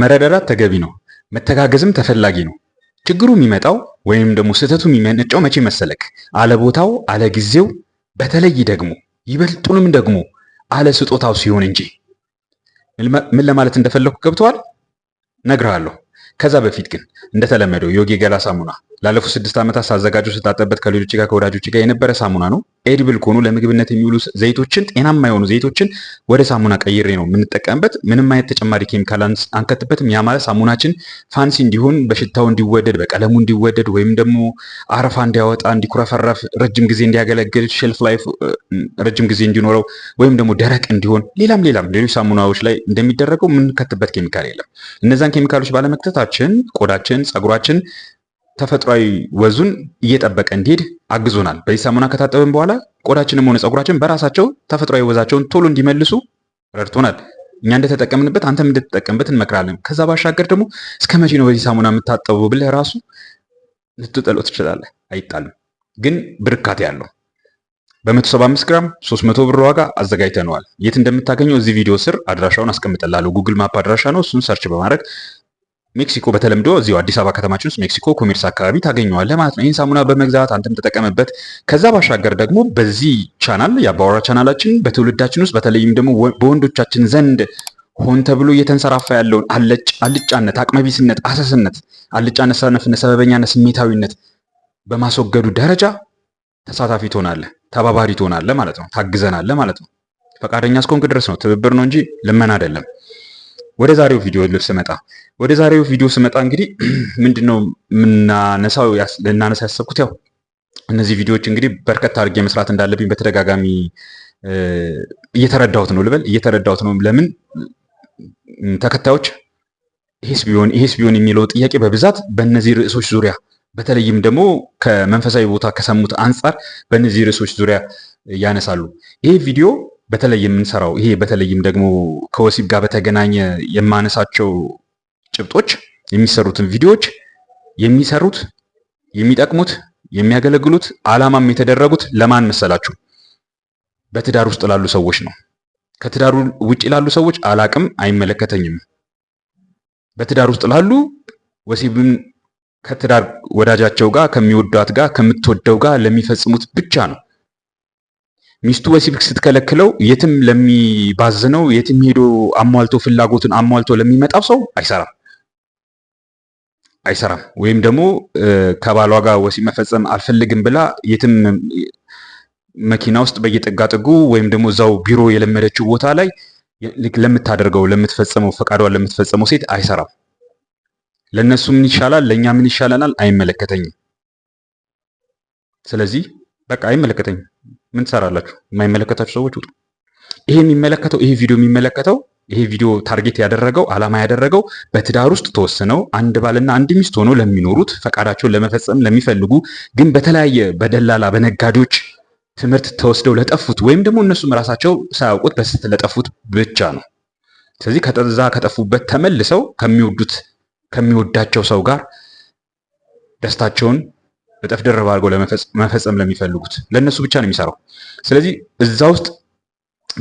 መረዳዳት ተገቢ ነው። መተጋገዝም ተፈላጊ ነው። ችግሩ የሚመጣው ወይም ደግሞ ስህተቱ የሚመነጨው መቼ መሰለክ? አለቦታው አለጊዜው በተለይ ደግሞ ይበልጡንም ደግሞ አለ ስጦታው ሲሆን እንጂ። ምን ለማለት እንደፈለኩ ገብተዋል? ነግርሃለሁ። ከዛ በፊት ግን እንደተለመደው ዮጊ ገላ ሳሙና ላለፉት ስድስት ዓመታት ሳዘጋጀው ስታጠበት ከሌሎች ጋር ከወዳጆች ጋር የነበረ ሳሙና ነው። ኤድብል ከሆኑ ለምግብነት የሚውሉ ዘይቶችን ጤናማ የሆኑ ዘይቶችን ወደ ሳሙና ቀይሬ ነው የምንጠቀምበት። ምንም አይነት ተጨማሪ ኬሚካል አንከትበትም። ያ ማለት ሳሙናችን ፋንሲ እንዲሆን፣ በሽታው እንዲወደድ፣ በቀለሙ እንዲወደድ ወይም ደግሞ አረፋ እንዲያወጣ፣ እንዲኩረፈረፍ፣ ረጅም ጊዜ እንዲያገለግል፣ ሼልፍ ላይፍ ረጅም ጊዜ እንዲኖረው ወይም ደግሞ ደረቅ እንዲሆን፣ ሌላም ሌላም ሌሎች ሳሙናዎች ላይ እንደሚደረገው የምንከትበት ኬሚካል የለም። እነዛን ኬሚካሎች ባለመክተታችን ቆዳችን፣ ጸጉራችን ተፈጥሯዊ ወዙን እየጠበቀ እንዲሄድ አግዞናል። በዚህ ሳሙና ከታጠብን በኋላ ቆዳችንም ሆነ ፀጉራችን በራሳቸው ተፈጥሯዊ ወዛቸውን ቶሎ እንዲመልሱ ረድቶናል። እኛ እንደተጠቀምንበት አንተም እንደተጠቀምበት እንመክራለን። ከዛ ባሻገር ደግሞ እስከ መቼ ነው በዚህ ሳሙና የምታጠቡ ብለህ ራሱ ልትጠሎ ትችላለህ። አይጣልም፣ ግን ብርካት ያለው በ175 ግራም 300 ብር ዋጋ አዘጋጅተነዋል። የት እንደምታገኘው እዚህ ቪዲዮ ስር አድራሻውን አስቀምጠላለሁ። ጉግል ማፕ አድራሻ ነው። እሱን ሰርች በማድረግ ሜክሲኮ በተለምዶ እዚሁ አዲስ አበባ ከተማችን ውስጥ ሜክሲኮ ኮሜርስ አካባቢ ታገኘዋለህ ማለት ነው። ይህን ሳሙና በመግዛት አንተም ተጠቀምበት። ከዛ ባሻገር ደግሞ በዚህ ቻናል የአባወራ ቻናላችን በትውልዳችን ውስጥ በተለይም ደግሞ በወንዶቻችን ዘንድ ሆን ተብሎ እየተንሰራፋ ያለውን አለጭ አልጫነት፣ አቅመቢስነት፣ አሰስነት፣ አልጫነት፣ ሰነፍነት፣ ሰበበኛነት፣ ስሜታዊነት በማስወገዱ ደረጃ ተሳታፊ ትሆናለህ፣ ተባባሪ ትሆናለህ ማለት ነው። ታግዘናለህ ማለት ነው። ፈቃደኛ እስኮንክ ድረስ ነው። ትብብር ነው እንጂ ልመና አይደለም። ወደ ዛሬው ቪዲዮ ልብስ መጣ ወደ ዛሬው ቪዲዮ ስመጣ እንግዲህ ምንድነው የምናነሳው ልናነሳ ያሰብኩት ያው እነዚህ ቪዲዮዎች እንግዲህ በርከት አድርጌ መስራት እንዳለብኝ በተደጋጋሚ እየተረዳሁት ነው ልበል፣ እየተረዳሁት ነው። ለምን ተከታዮች ይሄስ ቢሆን ይሄስ ቢሆን የሚለው ጥያቄ በብዛት በእነዚህ ርዕሶች ዙሪያ በተለይም ደግሞ ከመንፈሳዊ ቦታ ከሰሙት አንጻር በእነዚህ ርዕሶች ዙሪያ ያነሳሉ። ይሄ ቪዲዮ በተለይ የምንሰራው ይሄ በተለይም ደግሞ ከወሲብ ጋር በተገናኘ የማነሳቸው ጭብጦች የሚሰሩትን ቪዲዮዎች የሚሰሩት የሚጠቅሙት የሚያገለግሉት አላማም የተደረጉት ለማን መሰላችሁ? በትዳር ውስጥ ላሉ ሰዎች ነው። ከትዳሩ ውጭ ላሉ ሰዎች አላቅም፣ አይመለከተኝም። በትዳር ውስጥ ላሉ ወሲብን ከትዳር ወዳጃቸው ጋር ከሚወዷት ጋር ከምትወደው ጋር ለሚፈጽሙት ብቻ ነው። ሚስቱ ወሲብ ስትከለክለው የትም ለሚባዝነው የትም ሄዶ አሟልቶ ፍላጎቱን አሟልቶ ለሚመጣው ሰው አይሰራም። አይሰራም። ወይም ደግሞ ከባሏ ጋር ወሲብ መፈጸም አልፈልግም ብላ የትም መኪና ውስጥ በየጥጋጥጉ ወይም ደግሞ እዛው ቢሮ የለመደችው ቦታ ላይ ለምታደርገው ለምትፈጸመው ፈቃዷን ለምትፈጸመው ሴት አይሰራም። ለእነሱ ምን ይሻላል፣ ለእኛ ምን ይሻለናል? አይመለከተኝም። ስለዚህ በቃ አይመለከተኝም። ምን ትሰራላችሁ? የማይመለከታችሁ ሰዎች ውጡ። ይሄ የሚመለከተው ይሄ ቪዲዮ የሚመለከተው ይሄ ቪዲዮ ታርጌት ያደረገው አላማ ያደረገው በትዳር ውስጥ ተወስነው አንድ ባልና አንድ ሚስት ሆኖ ለሚኖሩት ፈቃዳቸውን ለመፈጸም ለሚፈልጉ ግን በተለያየ በደላላ በነጋዴዎች ትምህርት ተወስደው ለጠፉት ወይም ደግሞ እነሱም ራሳቸው ሳያውቁት በስት ለጠፉት ብቻ ነው። ስለዚህ ከዛ ከጠፉበት ተመልሰው ከሚወዱት ከሚወዳቸው ሰው ጋር ደስታቸውን በጠፍ ደረብ አድርገው ለመፈጸም ለሚፈልጉት ለእነሱ ብቻ ነው የሚሰራው። ስለዚህ እዛ ውስጥ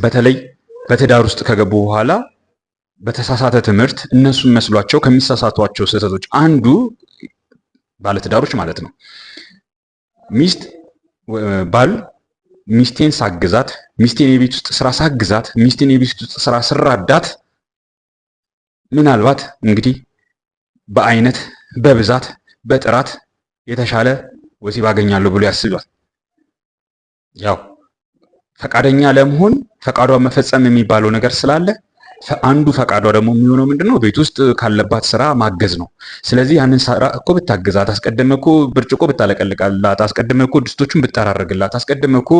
በተለይ በትዳር ውስጥ ከገቡ በኋላ በተሳሳተ ትምህርት እነሱን መስሏቸው ከሚሳሳቷቸው ስህተቶች አንዱ ባለትዳሮች ማለት ነው ሚስት ባል ሚስቴን ሳግዛት፣ ሚስቴን የቤት ውስጥ ስራ ሳግዛት፣ ሚስቴን የቤት ውስጥ ስራ ስራዳት፣ ምናልባት እንግዲህ በአይነት በብዛት በጥራት የተሻለ ወሲብ አገኛለሁ ብሎ ያስባል ያው ፈቃደኛ ለመሆን ፈቃዷ መፈጸም የሚባለው ነገር ስላለ አንዱ ፈቃዷ ደግሞ የሚሆነው ምንድን ነው? ቤት ውስጥ ካለባት ስራ ማገዝ ነው። ስለዚህ ያንን ስራ እኮ ብታግዛት፣ አስቀድመህ እኮ ብርጭቆ ብታለቀልቃላት፣ አስቀድመህ እኮ ድስቶቹን ብታራርግላት፣ አስቀድመህ እኮ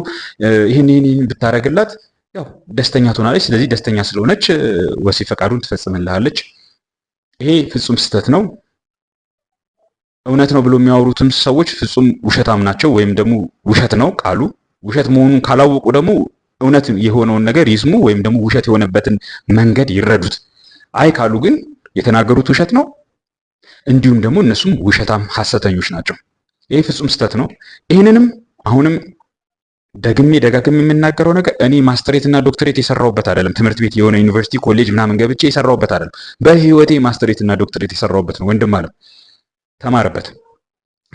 ይህን ይህን ብታረግላት ያው ደስተኛ ትሆናለች። ስለዚህ ደስተኛ ስለሆነች ወሲብ ፈቃዱን ትፈጽምልሃለች። ይሄ ፍጹም ስህተት ነው። እውነት ነው ብሎ የሚያወሩትም ሰዎች ፍጹም ውሸታም ናቸው፣ ወይም ደግሞ ውሸት ነው ቃሉ። ውሸት መሆኑን ካላወቁ ደግሞ እውነት የሆነውን ነገር ይስሙ፣ ወይም ደግሞ ውሸት የሆነበትን መንገድ ይረዱት። አይ ካሉ ግን የተናገሩት ውሸት ነው፣ እንዲሁም ደግሞ እነሱም ውሸታም ሐሰተኞች ናቸው። ይህ ፍጹም ስህተት ነው። ይህንንም አሁንም ደግሜ ደጋግሜ የምናገረው ነገር እኔ ማስተሬት እና ዶክትሬት የሰራሁበት አይደለም። ትምህርት ቤት የሆነ ዩኒቨርሲቲ ኮሌጅ ምናምን ገብቼ የሰራሁበት አይደለም። በህይወቴ ማስተሬት እና ዶክትሬት የሰራሁበት ነው። ወንድም አለም ተማርበት።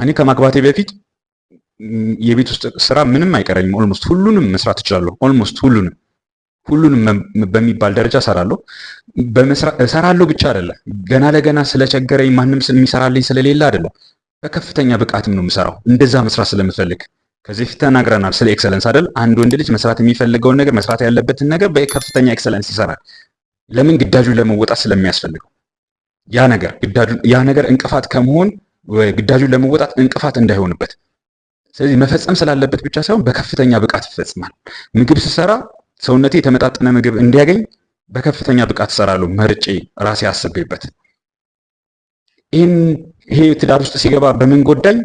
እኔ ከማግባቴ በፊት የቤት ውስጥ ስራ ምንም አይቀረኝም። ኦልሞስት ሁሉንም መስራት እችላለሁ። ኦልሞስት ሁሉንም ሁሉንም በሚባል ደረጃ እሰራለሁ። እሰራለሁ ብቻ አይደለም፣ ገና ለገና ስለቸገረኝ ማንም የሚሰራልኝ ስለሌለ አይደለም፣ በከፍተኛ ብቃትም ነው የምሰራው። እንደዛ መስራት ስለምፈልግ ከዚህ ፊት ተናግረናል ስለ ኤክሰለንስ አይደል? አንድ ወንድ ልጅ መስራት የሚፈልገውን ነገር መስራት ያለበትን ነገር በከፍተኛ ኤክሰለንስ ይሰራል። ለምን? ግዳጁን ለመወጣት ስለሚያስፈልገው ያ ነገር ግዳጁ ያ ነገር እንቅፋት ከመሆን ግዳጁን ለመወጣት እንቅፋት እንዳይሆንበት ስለዚህ መፈጸም ስላለበት ብቻ ሳይሆን በከፍተኛ ብቃት ይፈጽማል። ምግብ ስሰራ ሰውነቴ የተመጣጠነ ምግብ እንዲያገኝ በከፍተኛ ብቃት እሰራለሁ፣ መርጬ ራሴ አስቤበት። ይህን ይሄ ትዳር ውስጥ ሲገባ በምን ጎዳኝ?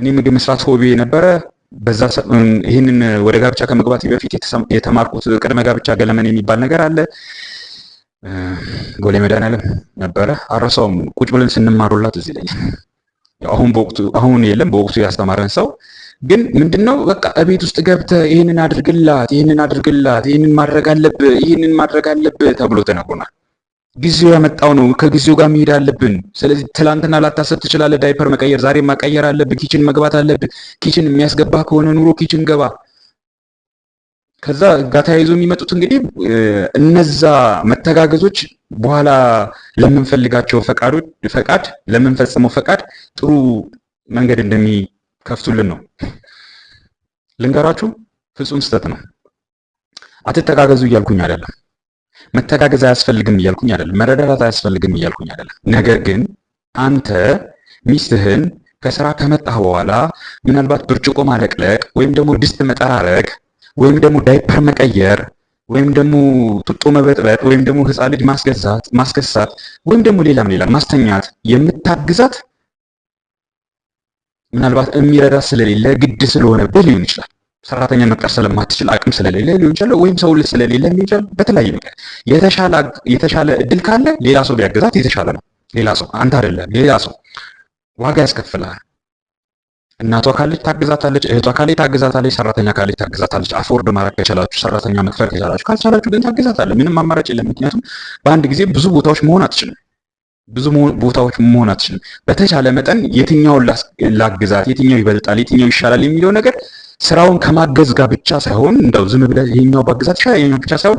እኔ ምግብ መስራት ሆቢ የነበረ በዛ ይህንን ወደ ጋብቻ ከመግባት በፊት የተማርኩት ቅድመ ጋብቻ ገለመን የሚባል ነገር አለ። ጎሌ መድኃኒዓለም ነበረ አረሳውም። ቁጭ ብለን ስንማሩላት እዚህ ላይ አሁን በወቅቱ አሁን የለም በወቅቱ ያስተማረን ሰው ግን ምንድነው በቃ እቤት ውስጥ ገብተ ይህንን አድርግላት፣ ይህንን አድርግላት፣ ይህንን ማድረግ አለብህ፣ ይህንን ማድረግ አለብህ ተብሎ ተነግሮናል። ጊዜው ያመጣው ነው። ከጊዜው ጋር መሄድ አለብን። ስለዚህ ትላንትና ላታሰብ ትችላለህ። ዳይፐር መቀየር ዛሬ መቀየር አለብህ። ኪችን መግባት አለብህ። ኪችን የሚያስገባ ከሆነ ኑሮ ኪችን ገባ። ከዛ ጋር ተያይዞ የሚመጡት እንግዲህ እነዛ መተጋገዞች በኋላ ለምንፈልጋቸው ፈቃድ ለምንፈጽመው ፈቃድ ጥሩ መንገድ እንደሚከፍቱልን ነው። ልንገራችሁ፣ ፍጹም ስህተት ነው። አትተጋገዙ እያልኩኝ አይደለም። መተጋገዝ አያስፈልግም እያልኩኝ አይደለም። መረዳዳት አያስፈልግም እያልኩኝ አይደለም። ነገር ግን አንተ ሚስትህን ከስራ ከመጣህ በኋላ ምናልባት ብርጭቆ ማለቅለቅ ወይም ደግሞ ድስት መጠራረግ ወይም ደግሞ ዳይፐር መቀየር ወይም ደግሞ ጡጦ መበጥበጥ ወይም ደግሞ ህፃን ልጅ ማስገዛት ማስገሳት ወይም ደግሞ ሌላም ሌላ ማስተኛት የምታግዛት ምናልባት የሚረዳ ስለሌለ ግድ ስለሆነብህ ሊሆን ይችላል። ሰራተኛ መቅጠር ስለማትችል አቅም ስለሌለ ሊሆን ይችላል። ወይም ሰው ስለሌለ ሊሆን ይችላል። በተለያየ ነገር የተሻለ እድል ካለ ሌላ ሰው ቢያገዛት የተሻለ ነው። ሌላ ሰው አንተ አይደለም ሌላ ሰው ዋጋ ያስከፍላል። እናቷ ካለች ታግዛታለች፣ እህቷ ካለች ታግዛታለች፣ ሰራተኛ ካለች ታግዛታለች። አፎርድ ማድረግ ከቻላችሁ ሰራተኛ መክፈል ከቻላችሁ፣ ካልቻላችሁ ግን ታግዛታለች። ምንም አማራጭ የለም። ምክንያቱም በአንድ ጊዜ ብዙ ቦታዎች መሆን አትችልም። ብዙ ቦታዎች መሆን አትችልም። በተቻለ መጠን የትኛውን ላግዛት፣ የትኛው ይበልጣል፣ የትኛው ይሻላል የሚለው ነገር ስራውን ከማገዝ ጋር ብቻ ሳይሆን እንደው ዝም ብለህ ይሄኛው ባግዛት ይሻላል ይሄኛው ብቻ ሳይሆን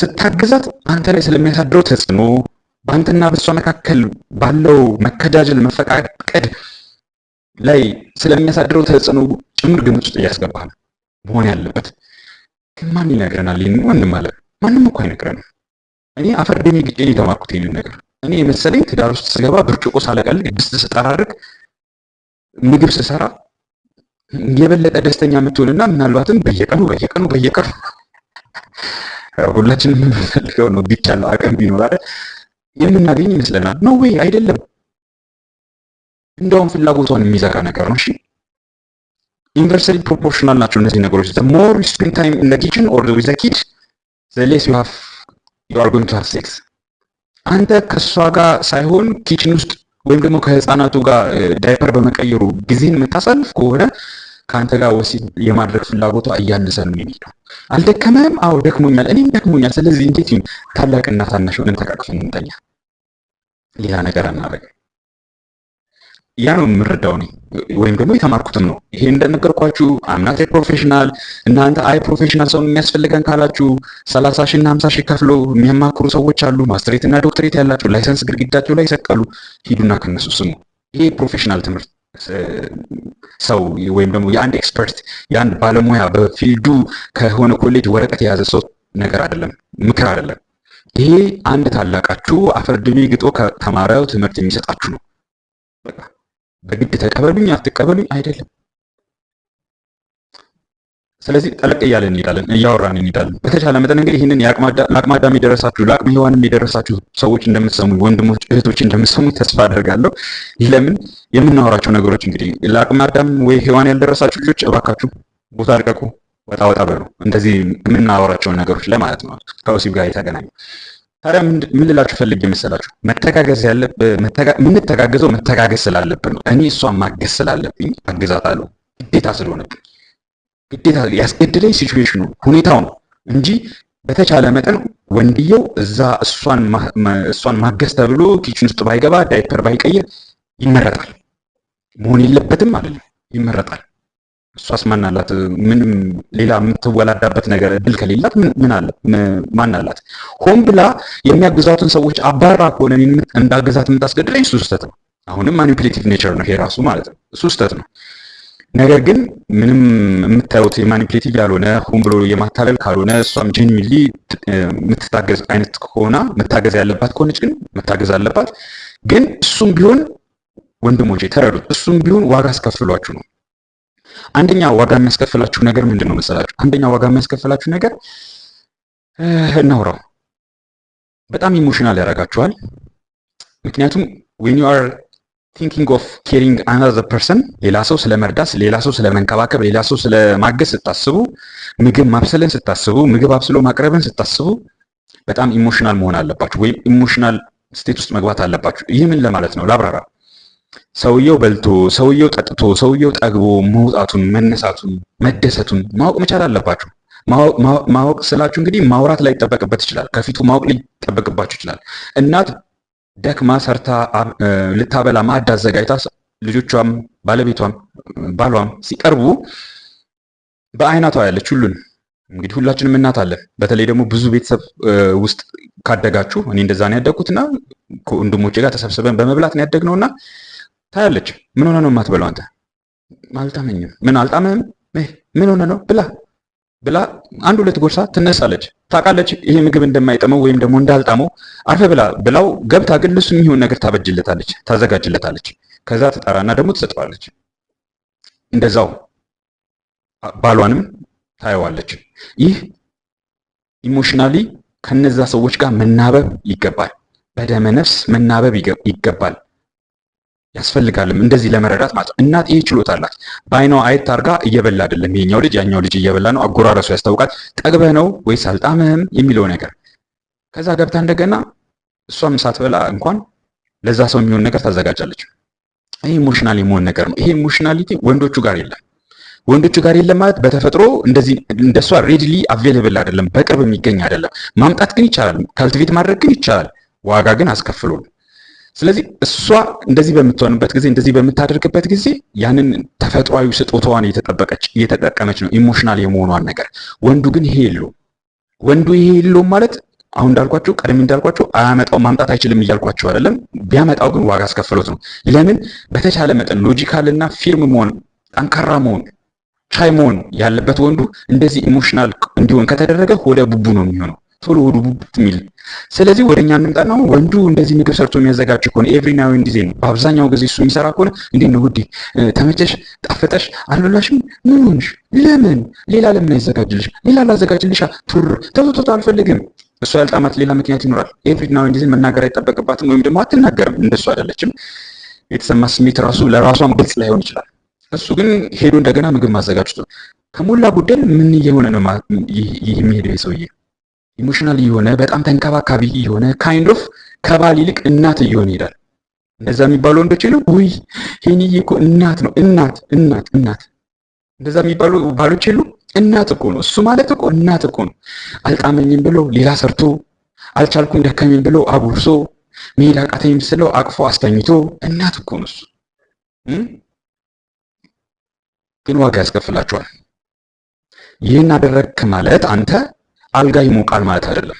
ስታግዛት አንተ ላይ ስለሚያሳድረው ተጽዕኖ በአንተና በሷ መካከል ባለው መከጃጀል መፈቃቀድ ላይ ስለሚያሳድረው ተጽዕኖ ጭምር ግምት ውስጥ እያስገባ ነው መሆን ያለበት። ግን ማን ይነግረናል? ይህን ወንድም አለ ማንም እኮ አይነግረንም። እኔ አፈር ደሜ የተማርኩት ይህንን ነገር እኔ የመሰለኝ ትዳር ውስጥ ስገባ ብርጭቆ ሳለቀልቅ፣ ድስት ስጠራርግ፣ ምግብ ስሰራ የበለጠ ደስተኛ የምትሆንና ምናልባትም በየቀኑ በየቀኑ በየቀኑ ሁላችንም የምንፈልገው ነው ቢቻለው አቅም ቢኖር የምናገኝ ይመስለናል። ነው ወይ አይደለም? እንደውም ፍላጎቷን የሚዘጋ ነገር ነው። እሺ ኢንቨርሰሊ ፕሮፖርሽናል ናቸው እነዚህ ነገሮች። ዘ ሞር ዩ ስፔንድ ታይም ኢን ዘ ኪችን ኦር ዊዝ ዘ ኪድ ዘ ሌስ ዩ ሃቭ ዩ አር ጎይንግ ቱ ሃቭ ሴክስ። አንተ ከእሷ ጋር ሳይሆን ኪችን ውስጥ ወይም ደግሞ ከህፃናቱ ጋር ዳይፐር በመቀየሩ ጊዜን የምታሳልፍ ከሆነ ከአንተ ጋር ወሲብ የማድረግ ፍላጎቷ እያነሰ ነው የሚሄደው። አልደከመም? አዎ ደክሞኛል፣ እኔም ደክሞኛል። ስለዚህ እንዴት ታላቅና ታናሽ ሆነን ተቃቅፈን እንተኛ። ሌላ ነገር አናደርግም። ያ ነው የምረዳው እኔ ወይም ደግሞ የተማርኩትም ነው። ይሄ እንደነገርኳችሁ አምናት ፕሮፌሽናል እናንተ አይ ፕሮፌሽናል ሰው የሚያስፈልገን ካላችሁ ሰላሳ ሺ እና ሀምሳ ሺ ከፍሎ የሚያማክሩ ሰዎች አሉ። ማስትሬት እና ዶክትሬት ያላቸው ላይሰንስ ግድግዳቸው ላይ ይሰቀሉ። ሂዱና ከነሱ ስሙ። ይሄ ፕሮፌሽናል ትምህርት ሰው ወይም ደግሞ የአንድ ኤክስፐርት የአንድ ባለሙያ በፊልዱ ከሆነ ኮሌጅ ወረቀት የያዘ ሰው ነገር አይደለም፣ ምክር አይደለም። ይሄ አንድ ታላቃችሁ አፈር ድሜ ግጦ ከተማረው ትምህርት የሚሰጣችሁ ነው። በቃ በግድ ተቀበሉኝ አትቀበሉኝ አይደለም። ስለዚህ ጠለቅ እያለን እንሄዳለን፣ እያወራን እንሄዳለን። በተቻለ መጠን እንግዲህ ይህንን ለአቅማዳም የደረሳችሁ ለአቅመ ሔዋንም የደረሳችሁ ሰዎች እንደምትሰሙ፣ ወንድሞች እህቶች እንደምትሰሙ ተስፋ አደርጋለሁ። ለምን የምናወራቸው ነገሮች እንግዲህ አዳም ወይ ሔዋን ያልደረሳችሁ ልጆች እባካችሁ ቦታ ልቀቁ፣ ወጣ ወጣ በሉ። እንደዚህ የምናወራቸውን ነገሮች ለማለት ነው ከወሲብ ጋር የተገናኙ ታዲያ ምን ልላችሁ ፈልግ መሰላችሁ? መተጋገዝ የምንተጋገዘው መተጋገዝ ስላለብን ነው። እኔ እሷን ማገዝ ስላለብኝ አግዛታለሁ፣ ግዴታ ስለሆነብኝ። ግዴታ ያስገድለኝ ሲቹዌሽኑ ሁኔታው ነው እንጂ በተቻለ መጠን ወንድየው እዛ እሷን ማገዝ ተብሎ ኪችን ውስጥ ባይገባ ዳይፐር ባይቀይር ይመረጣል። መሆን የለበትም አይደለም፣ ይመረጣል። እሷስ ማን አላት? ምንም ሌላ የምትወላዳበት ነገር እድል ከሌላት ምን አለ? ማን አላት? ሆን ብላ የሚያግዛቱን ሰዎች አባራ ከሆነ እንዳገዛት የምታስገድለኝ እሱ ስህተት ነው። አሁንም ማኒፕሌቲቭ ኔቸር ነው ይሄ ራሱ ማለት ነው። እሱ ስህተት ነው። ነገር ግን ምንም የምታዩት የማኒፕሌቲቭ ያልሆነ ሆን ብሎ የማታለል ካልሆነ እሷም ጀንሚሊ የምትታገዝ አይነት ከሆና መታገዝ ያለባት ከሆነች ግን መታገዝ አለባት። ግን እሱም ቢሆን ወንድሞቼ ተረዱት፣ እሱም ቢሆን ዋጋ አስከፍሏችሁ ነው አንደኛ ዋጋ የሚያስከፍላችሁ ነገር ምንድን ነው መሰላችሁ? አንደኛ ዋጋ የሚያስከፍላችሁ ነገር ነውረው በጣም ኢሞሽናል ያደርጋችኋል። ምክንያቱም ዌን ዩ አር ቲንኪንግ ኦፍ ኬሪንግ አናዘር ፐርሰን ሌላ ሰው ስለመርዳት፣ ሌላ ሰው ስለመንከባከብ፣ ሌላ ሰው ስለማገዝ ስታስቡ፣ ምግብ ማብሰልን ስታስቡ፣ ምግብ አብስሎ ማቅረብን ስታስቡ በጣም ኢሞሽናል መሆን አለባችሁ ወይም ኢሞሽናል ስቴት ውስጥ መግባት አለባችሁ። ይህ ምን ለማለት ነው? ላብራራ ሰውየው በልቶ ሰውየው ጠጥቶ ሰውየው ጠግቦ መውጣቱን መነሳቱን መደሰቱን ማወቅ መቻል አለባችሁ። ማወቅ ስላችሁ እንግዲህ ማውራት ላይ ይጠበቅበት ይችላል። ከፊቱ ማወቅ ሊጠበቅባችሁ ይችላል። እናት ደክማ ሰርታ ልታበላ ማዕድ አዘጋጅታ ልጆቿም ባለቤቷም ባሏም ሲቀርቡ በአይናቷ ያለች ሁሉን እንግዲህ ሁላችንም እናት አለን። በተለይ ደግሞ ብዙ ቤተሰብ ውስጥ ካደጋችሁ እኔ እንደዛ ነው ያደግኩትና ከወንድሞቼ ጋር ተሰብስበን በመብላት ነው ያደግነውና ታያለች። ምን ሆነ ነው የማትበለው? አንተ አልጣመኝም። ምን አልጣመህም? ምን ሆነ ነው ብላ ብላ አንድ ሁለት ጎርሳ ትነሳለች። ታውቃለች ይሄ ምግብ እንደማይጠመው ወይም ደግሞ እንዳልጣመው አርፈ ብላ ብላው ገብታ ግን ልሱ የሚሆን ነገር ታበጅለታለች፣ ታዘጋጅለታለች። ከዛ ትጠራና ደግሞ ትሰጠዋለች። እንደዛው ባሏንም ታየዋለች። ይህ ኢሞሽናሊ ከነዛ ሰዎች ጋር መናበብ ይገባል። በደመነፍስ መናበብ ይገባል። ያስፈልጋልም እንደዚህ ለመረዳት ማለት ነው። እናት ይህ ችሎታ አላት። በአይኗ አየት ታርጋ እየበላ አይደለም ይሄኛው ልጅ ያኛው ልጅ እየበላ ነው፣ አጎራረሱ ያስታውቃል። ጠግበህ ነው ወይስ አልጣምህም የሚለው ነገር። ከዛ ገብታ እንደገና እሷም ሳትበላ እንኳን ለዛ ሰው የሚሆን ነገር ታዘጋጃለች። ይሄ ኢሞሽናል የመሆን ነገር ነው። ይሄ ኢሞሽናሊቲ ወንዶቹ ጋር የለም። ወንዶቹ ጋር የለም ማለት በተፈጥሮ እንደዚህ እንደሷ ሬድሊ አቬለብል አይደለም፣ በቅርብ የሚገኝ አይደለም። ማምጣት ግን ይቻላል፣ ካልቲቬት ማድረግ ግን ይቻላል። ዋጋ ግን አስከፍሎ ነው። ስለዚህ እሷ እንደዚህ በምትሆንበት ጊዜ እንደዚህ በምታደርግበት ጊዜ ያንን ተፈጥሯዊ ስጦታዋን እየተጠበቀች እየተጠቀመች ነው ኢሞሽናል የመሆኗን ነገር። ወንዱ ግን ይሄ የለውም። ወንዱ ይሄ የለውም ማለት አሁን እንዳልኳቸው ቀደም እንዳልኳቸው አያመጣው ማምጣት አይችልም እያልኳቸው አይደለም። ቢያመጣው ግን ዋጋ አስከፍሎት ነው። ለምን በተቻለ መጠን ሎጂካል እና ፊርም መሆን ጠንካራ መሆን ቻይ መሆን ያለበት ወንዱ እንደዚህ ኢሞሽናል እንዲሆን ከተደረገ ሆደ ቡቡ ነው የሚሆነው። ቶሎ ሚል ስለዚህ ወደ እኛ ወንዱ እንደዚህ ምግብ ሰርቶ የሚያዘጋጅ ከሆነ ኤቭሪ ናው ኤንድ ጊዜ ነው በአብዛኛው ጊዜ እሱ የሚሰራ ከሆነ እንዴት ነው ውዴ፣ ተመቸሽ? ጣፈጠሽ? አልበላሽም? ምን ሆንሽ? ለምን ሌላ ለምን አይዘጋጅልሽ? ሌላ ላዘጋጅልሻ? ቱር ተቶቶቶ አልፈልግም። እሷ ያልጣማት ሌላ ምክንያት ይኖራል። ኤቭሪ ናው ኤንድ መናገር አይጠበቅባትም፣ ወይም ደግሞ አትናገርም። እንደሱ አይደለችም። የተሰማ ስሜት ራሱ ለራሷም ግልጽ ላይሆን ይችላል። እሱ ግን ሄዶ እንደገና ምግብ ማዘጋጅቱ ከሞላ ጎደል ምን እየሆነ ነው የሚሄደው የሰውዬ ኢሞሽናል የሆነ በጣም ተንከባካቢ የሆነ ካይንድ ኦፍ ከባል ይልቅ እናት እየሆነ ይሄዳል። እንደዛ የሚባሉ ወንዶች የለም ወይ? ሄኒዬ እኮ እናት ነው እናት እናት እናት። እንደዛ የሚባሉ ባሎች የሉ? እናት እኮ ነው እሱ ማለት እኮ እናት እኮ ነው። አልጣመኝም ብሎ ሌላ ሰርቶ፣ አልቻልኩም ደከመኝ ብሎ አጉርሶ፣ መሄድ አቃተኝም ስለው አቅፎ አስተኝቶ፣ እናት እኮ ነው እሱ። ግን ዋጋ ያስከፍላቸዋል። ይህን አደረግክ ማለት አንተ አልጋ ይሞቃል ማለት አይደለም።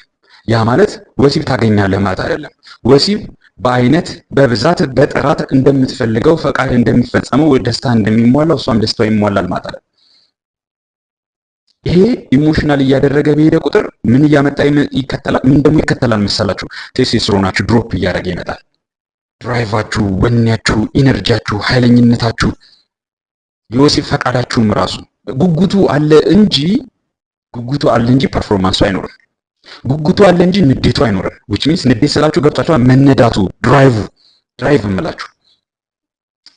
ያ ማለት ወሲብ ታገኛለህ ማለት አይደለም። ወሲብ በአይነት በብዛት በጥራት እንደምትፈልገው ፈቃድ እንደሚፈጸመው ደስታ እንደሚሟላው እሷም ደስታው ይሟላል ማለት አይደለም። ይሄ ኢሞሽናል እያደረገ በሄደ ቁጥር ምን እያመጣ ይከተላል? ምን ደግሞ ይከተላል መሰላችሁ? ቴስቴስትሮናችሁ ድሮፕ እያደረገ ይመጣል። ድራይቫችሁ፣ ወኔያችሁ፣ ኢነርጂያችሁ፣ ኃይለኝነታችሁ፣ የወሲብ ፈቃዳችሁም ራሱ ጉጉቱ አለ እንጂ ጉጉቱ አለ እንጂ ፐርፎርማንሱ አይኖርም። ጉጉቱ አለ እንጂ ንዴቱ አይኖርም። ዊች ሚንስ ንዴት ስላችሁ ገብታችኋል። መነዳቱ ድራይቭ ድራይቭ እምላችሁ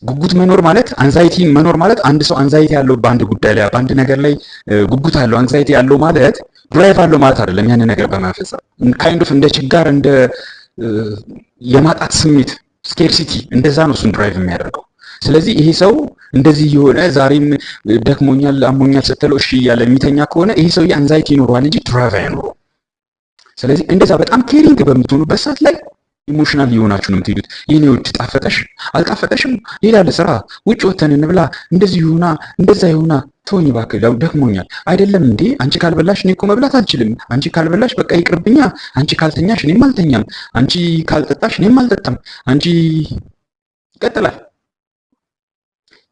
ጉጉት መኖር ማለት አንዛይቲ መኖር ማለት አንድ ሰው አንዛይቲ ያለው በአንድ ጉዳይ ላይ በአንድ ነገር ላይ ጉጉት አለው አንዛይቲ ያለው ማለት ድራይቭ አለው ማለት አይደለም። ያን ነገር በመፈጸም ካይንድ ኦፍ እንደ ችጋር እንደ የማጣት ስሜት ስኬርሲቲ እንደዛ ነው እሱን ድራይቭ የሚያደርገው ስለዚህ ይሄ ሰው እንደዚህ የሆነ ዛሬም ደክሞኛል አሞኛል ስትለው እሺ እያለ የሚተኛ ከሆነ ይሄ ሰውዬ አንዛይቲ ይኖረዋል እንጂ ትራቭ አይኖረው። ስለዚህ እንደዛ በጣም ኬሪንግ በምትሆኑበት ሰዓት ላይ ኢሞሽናል የሆናችሁ ነው የምትሄዱት። የኔ ውድ ጣፈጠሽ አልጣፈጠሽም፣ ሌላ ለስራ ውጭ ወተን እንብላ፣ እንደዚህ ይሁና፣ እንደዛ ይሁና፣ ተወኝ እባክህ ደክሞኛል። አይደለም እንዴ አንቺ ካልበላሽ እኔ እኮ መብላት አልችልም። አንቺ ካልበላሽ በቃ ይቅርብኛ። አንቺ ካልተኛሽ እኔም አልተኛም። አንቺ ካልጠጣሽ እኔም አልጠጣም። አንቺ ይቀጥላል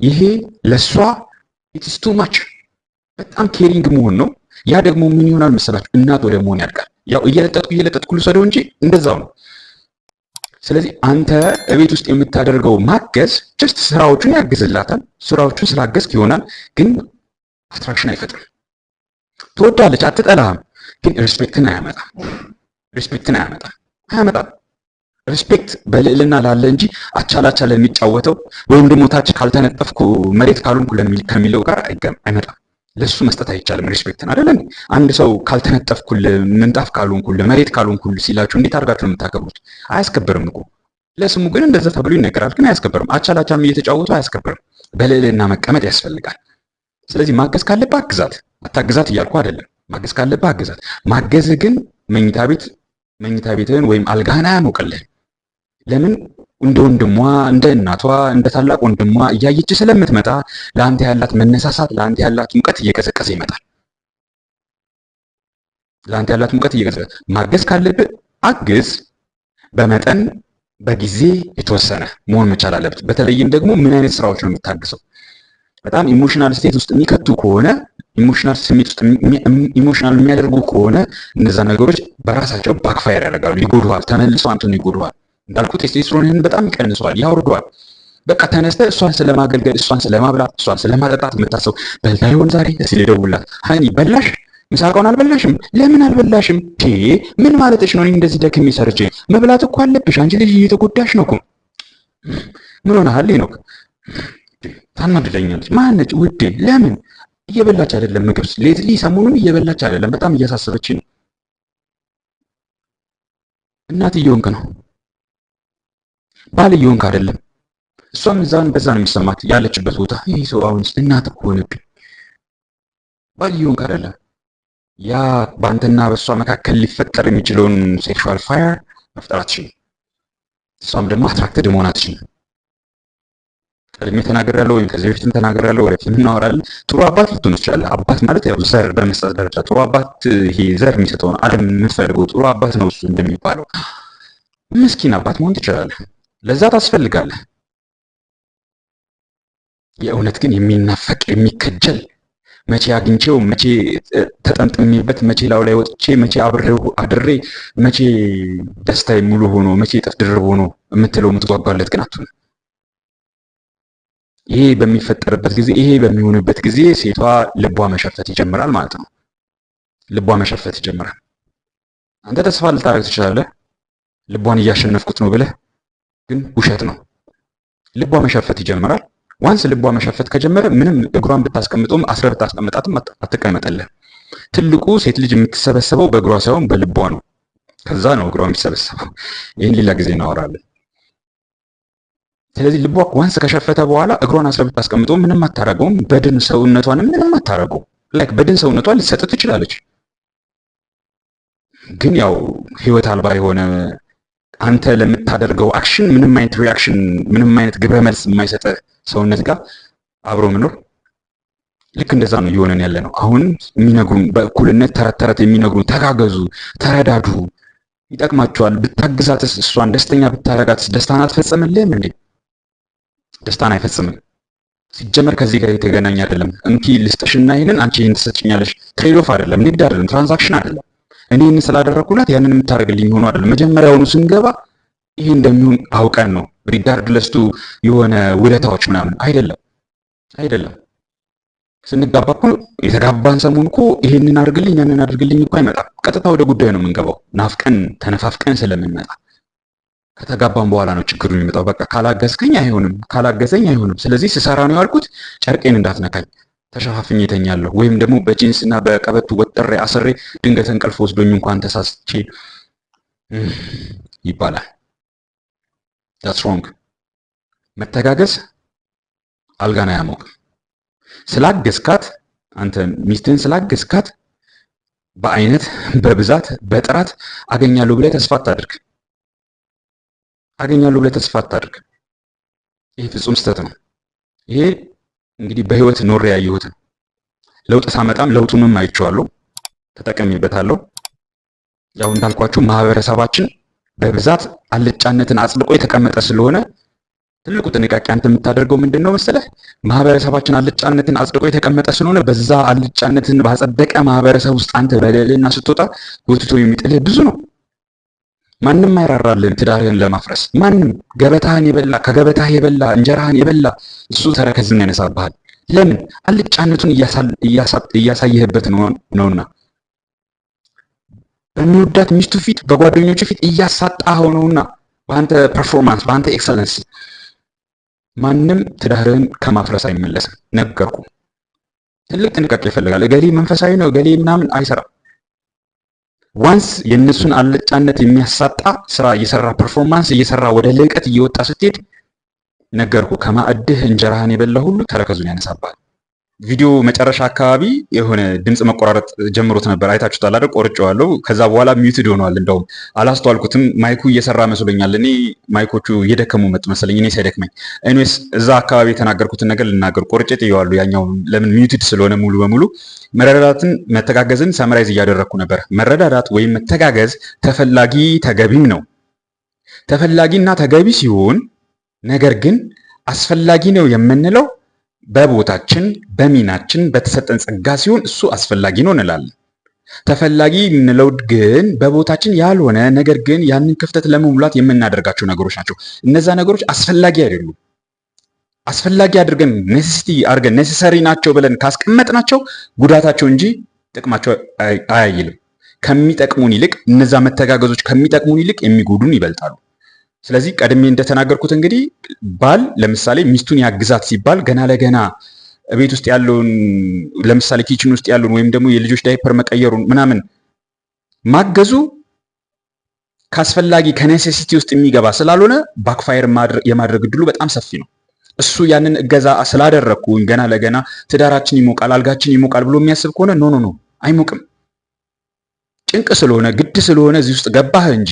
ይሄ ለእሷ ኢትስ ቱ ማች በጣም ኬሪንግ መሆን ነው። ያ ደግሞ ምን ይሆናል መሰላችሁ? እናት ወደ መሆን ያድጋል። ያው እየለጠጥኩ እየለጠጥኩ ልውሰደው እንጂ እንደዛው ነው። ስለዚህ አንተ እቤት ውስጥ የምታደርገው ማገዝ ጀስት ስራዎቹን ያግዝላታል። ስራዎቹን ስላገዝክ ይሆናል፣ ግን አትራክሽን አይፈጥርም። ትወዳለች፣ አትጠላህም፣ ግን ሪስፔክትን አያመጣም። ሪስፔክትን አያመጣም፣ አያመጣም ሪስፔክት በልዕልና ላለ እንጂ አቻላቻ ለሚጫወተው ወይም ደግሞ ታች ካልተነጠፍኩ መሬት ካልሆንኩ ከሚለው ጋር አይመጣም። ለሱ መስጠት አይቻልም ሪስፔክትን አይደለም። አንድ ሰው ካልተነጠፍኩል፣ ምንጣፍ ካልሆንኩል፣ መሬት ካልሆንኩል ሲላችሁ እንዴት አድርጋችሁ ነው የምታከብሩት? አያስከብርም እኮ ለስሙ ግን እንደዛ ተብሎ ይነገራል፣ ግን አያስከብርም። አቻላቻም እየተጫወቱ አያስከብርም። በልዕልና መቀመጥ ያስፈልጋል። ስለዚህ ማገዝ ካለብህ አግዛት፣ አታግዛት እያልኩ አደለም። ማገዝ ካለብህ አግዛት። ማገዝህ ግን መኝታ ቤት መኝታ ቤትህን ወይም አልጋህን አያሞቅልህም። ለምን እንደ ወንድሟ እንደ እናቷ እንደ ታላቅ ወንድሟ እያየች ስለምትመጣ ለአንተ ያላት መነሳሳት ለአንተ ያላት ሙቀት እየቀዘቀዘ ይመጣል። ለአንተ ያላት ሙቀት እየቀዘቀዘ ማገዝ ካለብህ አግዝ፣ በመጠን በጊዜ የተወሰነ መሆን መቻል አለበት። በተለይም ደግሞ ምን አይነት ስራዎች ነው የምታግሰው በጣም ኢሞሽናል ስቴት ውስጥ የሚከቱ ከሆነ ኢሞሽናል ስሜት ውስጥ ኢሞሽናል የሚያደርጉ ከሆነ እነዛ ነገሮች በራሳቸው ባክፋየር ያደርጋሉ፣ ይጎዱሃል። ተመልሶ አንተን ይጎዱሃል። እንዳልኩት ቴስቴስትሮንን በጣም ይቀንሰዋል፣ ያወርዷል። በቃ ተነስተ እሷን ስለማገልገል እሷን ስለማብላት እሷን ስለማጠጣት የምታሰብ በልታ ይሆን ዛሬ እስኪ ደውላት፣ ሀኒ በላሽ ምሳቀውን አልበላሽም? ለምን አልበላሽም? ምን ማለትሽ ነው? እንደዚህ ደክሜ ሰርቼ መብላት እኮ አለብሽ አንቺ ልጅ፣ እየተጎዳሽ ነው እኮ። ምን ሆነሃል ሄኖክ? ታናድደኛለች። ማነች? ውዴ ለምን እየበላች አይደለም ምግብ? ሌትሊ ሰሞኑን እየበላች አይደለም። በጣም እያሳሰበች ነው። እናትየውንክ ነው ባል እየሆንክ አይደለም። እሷም እዛን በዛ ነው የሚሰማት ያለችበት ቦታ። ይህ ሰው አሁን እናት ሆነብኝ። ባል እየሆንክ አይደለም። ያ በአንተና በእሷ መካከል ሊፈጠር የሚችለውን ሴክሹዋል ፋየር መፍጠር አትችልም። እሷም ደግሞ አትራክትድ መሆን አትችልም። ቀድሜ ተናግሬያለሁ፣ ወይም ከዚህ በፊትም ተናግሬያለሁ፣ ወደፊት እናወራለን። ጥሩ አባት ልትሆን ትችላለህ። አባት ማለት ያው ዘር በመስጠት ደረጃ ጥሩ አባት፣ ይሄ ዘር የሚሰጠውን አለም የምትፈልገው ጥሩ አባት ነው እሱ እንደሚባለው ምስኪን አባት መሆን ትችላለህ። ለዛ ታስፈልጋለህ። የእውነት ግን የሚናፈቅ የሚከጀል መቼ አግኝቼው መቼ ተጠምጥሜበት መቼ ላው ላይ ወጥቼ መቼ አብሬው አድሬ መቼ ደስታዬ ሙሉ ሆኖ መቼ ጥፍ ድርብ ሆኖ የምትለው የምትጓጓለት ግን አትሁን። ይሄ በሚፈጠርበት ጊዜ ይሄ በሚሆንበት ጊዜ ሴቷ ልቧ መሸፈት ይጀምራል ማለት ነው። ልቧ መሸፈት ይጀምራል። አንተ ተስፋ ልታደርግ ትችላለህ። ልቧን እያሸነፍኩት ነው ብለህ ግን ውሸት ነው። ልቧ መሸፈት ይጀምራል። ዋንስ ልቧ መሸፈት ከጀመረ ምንም እግሯን ብታስቀምጠውም አስረ ብታስቀምጣትም አትቀመጠልህም። ትልቁ ሴት ልጅ የምትሰበሰበው በእግሯ ሳይሆን በልቧ ነው። ከዛ ነው እግሯ የሚሰበሰበው። ይህን ሌላ ጊዜ እናወራለን። ስለዚህ ልቧ ዋንስ ከሸፈተ በኋላ እግሯን አስረ ብታስቀምጠው ምንም አታረገውም። በድን ሰውነቷን ምንም አታረገው። ላይክ በድን ሰውነቷን ልትሰጥ ትችላለች፣ ግን ያው ህይወት አልባ የሆነ አንተ ለምታደርገው አክሽን ምንም አይነት ሪያክሽን ምንም አይነት ግብረ መልስ የማይሰጥ ሰውነት ጋር አብሮ መኖር ልክ እንደዛ ነው እየሆነን ያለ ነው። አሁን የሚነግሩን በእኩልነት ተረት ተረት የሚነግሩን ተጋገዙ፣ ተረዳዱ፣ ይጠቅማቸዋል፣ ብታግዛትስ፣ እሷን ደስተኛ ብታረጋትስ ደስታን አትፈጽምልህም እንዴ? ደስታን አይፈጽምም። ሲጀመር ከዚህ ጋር የተገናኝ አይደለም። እንኪ ልስጥሽና ይህንን አንቺ ይህን ትሰጭኛለሽ። ትሬድ ኦፍ አይደለም፣ ንግድ አይደለም፣ ትራንዛክሽን አይደለም። እኔ ስላደረግኩላት ያንን የምታደርግልኝ ሆኖ አይደለም። መጀመሪያውኑ ስንገባ ይህ እንደሚሆን አውቀን ነው። ሪጋርድለስቱ የሆነ ውለታዎች ምናምን አይደለም አይደለም። ስንጋባ እኮ የተጋባን ሰሞን እኮ ይህንን አድርግልኝ ያንን አድርግልኝ እኮ አይመጣም። ቀጥታ ወደ ጉዳዩ ነው የምንገባው። ናፍቀን ተነፋፍቀን ስለምንመጣ ከተጋባን በኋላ ነው ችግሩ የሚመጣው። በቃ ካላገዝከኝ አይሆንም፣ ካላገዘኝ አይሆንም። ስለዚህ ስሰራ ነው ያልኩት፣ ጨርቄን እንዳትነካኝ ተሸፋፍኝ እተኛለሁ ወይም ደግሞ በጂንስ እና በቀበቱ ወጠሬ አስሬ ድንገት እንቅልፍ ወስዶኝ እንኳን ተሳስቼ ይባላል። ዳትስ ሮንግ። መተጋገዝ አልጋን አያሞቅም። ስላገዝካት አንተ ሚስትን ስላገዝካት በአይነት በብዛት በጥራት አገኛለሁ ብለህ ተስፋ አታድርግ። አገኛለሁ ብለህ ተስፋ አታድርግ። ይሄ ፍጹም ስህተት ነው። ይሄ እንግዲህ በህይወት ኖሬ ያየሁት ነው። ለውጥ ሳመጣም ለውጡንም አይቼዋለሁ፣ ተጠቀሚበታለሁ። ያው እንዳልኳችሁ ማህበረሰባችን በብዛት አልጫነትን አጽድቆ የተቀመጠ ስለሆነ ትልቁ ጥንቃቄ አንተ የምታደርገው ምንድን ነው መሰለህ? ማህበረሰባችን አልጫነትን አጽድቆ የተቀመጠ ስለሆነ በዛ አልጫነትን ባጸደቀ ማህበረሰብ ውስጥ አንተ በልዕልና ስትወጣ ጎትቶ የሚጥልህ ብዙ ነው። ማንም አይራራልን ትዳርህን ለማፍረስ ማንም ገበታህን የበላ ከገበታህ የበላ እንጀራህን የበላ እሱ ተረከዝን ያነሳብሃል። ለምን አልጫነቱን እያሳየህበት ነውና በሚወዳት ሚስቱ ፊት በጓደኞቹ ፊት እያሳጣ ሆነውና በአንተ ፐርፎርማንስ በአንተ ኤክሰለንስ ማንም ትዳርህን ከማፍረስ አይመለስም። ነገርኩ። ትልቅ ጥንቃቄ ይፈልጋል። እገሌ መንፈሳዊ ነው እገሌ ምናምን አይሰራም። ዋንስ የእነሱን አልጫነት የሚያሳጣ ስራ እየሰራ ፐርፎርማንስ እየሰራ ወደ ልዕቀት እየወጣ ስትሄድ ነገርኩ ከማዕድህ እንጀራህን የበላ ሁሉ ተረከዙን ያነሳባል። ቪዲዮ መጨረሻ አካባቢ የሆነ ድምፅ መቆራረጥ ጀምሮት ነበር። አይታችሁታል አይደል? ቆርጬዋለሁ። ከዛ በኋላ ሚዩትድ ሆኗል። እንደውም አላስተዋልኩትም። ማይኩ እየሰራ መስሎኛል። እኔ ማይኮቹ እየደከሙ መጡ መሰለኝ፣ እኔ ሳይደክመኝ። ኤኒዌይስ እዛ አካባቢ የተናገርኩትን ነገር ልናገር። ቆርጬ ጥየዋለሁ። ያኛው ለምን ሚዩትድ ስለሆነ ሙሉ በሙሉ መረዳዳትን፣ መተጋገዝን ሰመራይዝ እያደረግኩ ነበር። መረዳዳት ወይም መተጋገዝ ተፈላጊ ተገቢም ነው። ተፈላጊና ተገቢ ሲሆን ነገር ግን አስፈላጊ ነው የምንለው በቦታችን በሚናችን በተሰጠን ጸጋ ሲሆን እሱ አስፈላጊ ነው እንላለን። ተፈላጊ የምንለው ግን በቦታችን ያልሆነ ነገር ግን ያንን ክፍተት ለመሙላት የምናደርጋቸው ነገሮች ናቸው። እነዛ ነገሮች አስፈላጊ አይደሉም። አስፈላጊ አድርገን ኔሴሲቲ አድርገን ኔሴሰሪ ናቸው ብለን ካስቀመጥናቸው ጉዳታቸው እንጂ ጥቅማቸው አያይልም። ከሚጠቅሙን ይልቅ እነዛ መተጋገዞች ከሚጠቅሙን ይልቅ የሚጎዱን ይበልጣሉ። ስለዚህ ቀድሜ እንደተናገርኩት እንግዲህ ባል ለምሳሌ ሚስቱን ያግዛት ሲባል ገና ለገና ቤት ውስጥ ያለውን ለምሳሌ ኪችን ውስጥ ያለውን ወይም ደግሞ የልጆች ዳይፐር መቀየሩን ምናምን ማገዙ ከአስፈላጊ ከኔሴሲቲ ውስጥ የሚገባ ስላልሆነ ባክፋየር የማድረግ እድሉ በጣም ሰፊ ነው። እሱ ያንን እገዛ ስላደረግኩ ገና ለገና ትዳራችን ይሞቃል፣ አልጋችን ይሞቃል ብሎ የሚያስብ ከሆነ ኖ ኖ ኖ አይሞቅም። ጭንቅ ስለሆነ ግድ ስለሆነ እዚህ ውስጥ ገባህ እንጂ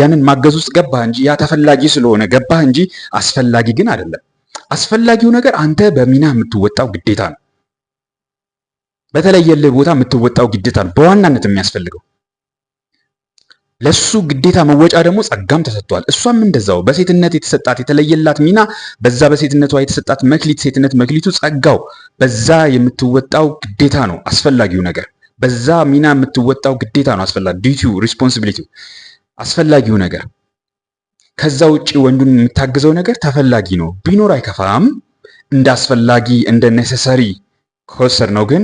ያንን ማገዝ ውስጥ ገባህ እንጂ ያ ተፈላጊ ስለሆነ ገባህ እንጂ አስፈላጊ ግን አይደለም። አስፈላጊው ነገር አንተ በሚና የምትወጣው ግዴታ ነው። በተለየልህ ቦታ የምትወጣው ግዴታ ነው በዋናነት የሚያስፈልገው። ለሱ ግዴታ መወጫ ደግሞ ጸጋም ተሰጥቷል። እሷም እንደዛው በሴትነት የተሰጣት የተለየላት ሚና፣ በዛ በሴትነቷ የተሰጣት መክሊት ሴትነት መክሊቱ ጸጋው፣ በዛ የምትወጣው ግዴታ ነው አስፈላጊው ነገር በዛ ሚና የምትወጣው ግዴታ ነው። አስፈላጊ ዲዩቲው ሪስፖንሲቢሊቲ አስፈላጊው ነገር። ከዛ ውጭ ወንዱን የምታግዘው ነገር ተፈላጊ ነው ቢኖር አይከፋም። እንደ አስፈላጊ እንደ ኔሴሰሪ ከወሰድ ነው ግን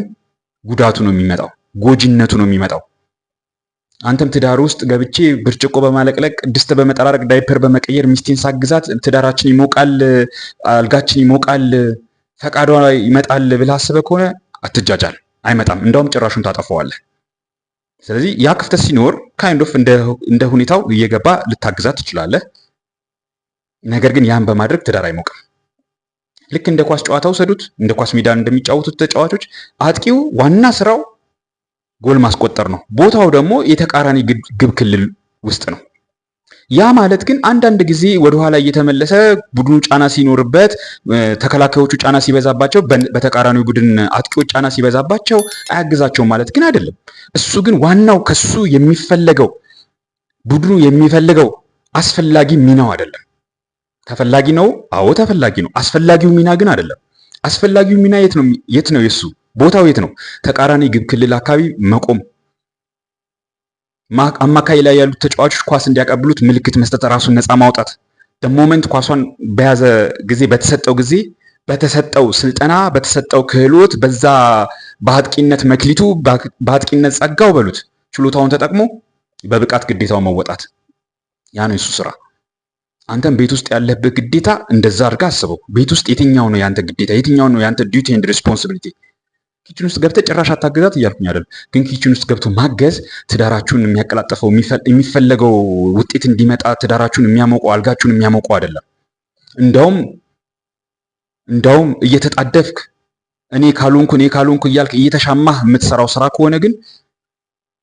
ጉዳቱ ነው የሚመጣው፣ ጎጂነቱ ነው የሚመጣው። አንተም ትዳር ውስጥ ገብቼ ብርጭቆ በማለቅለቅ ድስት በመጠራረቅ ዳይፐር በመቀየር ሚስቲን ሳግዛት ትዳራችን ይሞቃል፣ አልጋችን ይሞቃል፣ ፈቃዷ ይመጣል ብለህ አስበህ ከሆነ አትጃጃል። አይመጣም። እንዳውም ጭራሹን ታጠፈዋለህ። ስለዚህ ያ ክፍተት ሲኖር ካይንድ ኦፍ እንደ ሁኔታው እየገባ ልታግዛት ትችላለህ። ነገር ግን ያን በማድረግ ትዳር አይሞቅም። ልክ እንደ ኳስ ጨዋታ ውሰዱት። እንደ ኳስ ሜዳ እንደሚጫወቱት ተጫዋቾች አጥቂው ዋና ስራው ጎል ማስቆጠር ነው። ቦታው ደግሞ የተቃራኒ ግብ ክልል ውስጥ ነው። ያ ማለት ግን አንዳንድ ጊዜ ወደ ኋላ እየተመለሰ ቡድኑ ጫና ሲኖርበት፣ ተከላካዮቹ ጫና ሲበዛባቸው፣ በተቃራኒው ቡድን አጥቂዎች ጫና ሲበዛባቸው አያግዛቸውም ማለት ግን አይደለም። እሱ ግን ዋናው ከሱ የሚፈለገው ቡድኑ የሚፈልገው አስፈላጊ ሚናው አይደለም። ተፈላጊ ነው፣ አዎ ተፈላጊ ነው። አስፈላጊው ሚና ግን አይደለም። አስፈላጊው ሚና የት ነው? የት ነው? የሱ ቦታው የት ነው? ተቃራኒ ግብ ክልል አካባቢ መቆም አማካይ ላይ ያሉት ተጫዋቾች ኳስ እንዲያቀብሉት ምልክት መስጠት፣ ራሱን ነፃ ማውጣት ደሞመንት ኳሷን በያዘ ጊዜ በተሰጠው ጊዜ በተሰጠው ስልጠና በተሰጠው ክህሎት በዛ በአጥቂነት መክሊቱ በአጥቂነት ጸጋው በሉት ችሎታውን ተጠቅሞ በብቃት ግዴታው መወጣት ያ ነው የሱ ስራ። አንተም ቤት ውስጥ ያለብህ ግዴታ እንደዛ አድርጋ አስበው። ቤት ውስጥ የትኛው ነው ያንተ ግዴታ? የትኛው ነው ያንተ ዲዩቲ ኤንድ ሪስፖንሲቢሊቲ? ኪችን ውስጥ ገብተ ጭራሽ አታገዛት እያልኩኝ አይደለም። ግን ኪችን ውስጥ ገብቶ ማገዝ ትዳራችሁን የሚያቀላጥፈው የሚፈለገው ውጤት እንዲመጣ ትዳራችሁን የሚያሞቀው አልጋችሁን የሚያሞቀው አይደለም። እንዳውም እንዳውም እየተጣደፍክ እኔ ካልሆንኩ እኔ ካልሆንኩ እያልክ እየተሻማህ የምትሰራው ስራ ከሆነ ግን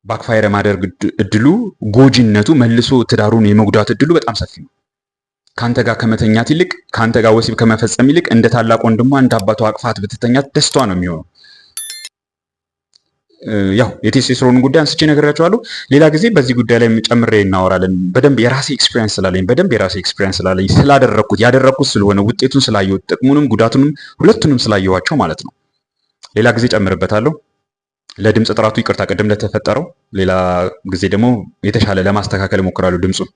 ባክፋይር ማደርግ እድሉ ጎጂነቱ መልሶ ትዳሩን የመጉዳት እድሉ በጣም ሰፊ ነው። ከአንተ ጋር ከመተኛት ይልቅ ከአንተ ጋር ወሲብ ከመፈጸም ይልቅ እንደ ታላቅ ወንድሟ እንደ አባቷ አቅፋት ብትተኛት ደስቷ ነው የሚሆነው። ያው የቴስቴስትሮን ጉዳይ አንስቼ ነግራችኋለሁ። ሌላ ጊዜ በዚህ ጉዳይ ላይ ጨምሬ እናወራለን። በደንብ የራሴ ኤክስፔሪንስ ስላለኝ በደንብ የራሴ ኤክስፔሪንስ ስላለኝ ስላደረግኩት ያደረግኩት ስለሆነ ውጤቱን ስላየሁት ጥቅሙንም ጉዳቱንም ሁለቱንም ስላየኋቸው ማለት ነው። ሌላ ጊዜ ጨምርበታለሁ። ለድምፅ ጥራቱ ይቅርታ፣ ቅድም ለተፈጠረው ሌላ ጊዜ ደግሞ የተሻለ ለማስተካከል እሞክራለሁ ድምፁን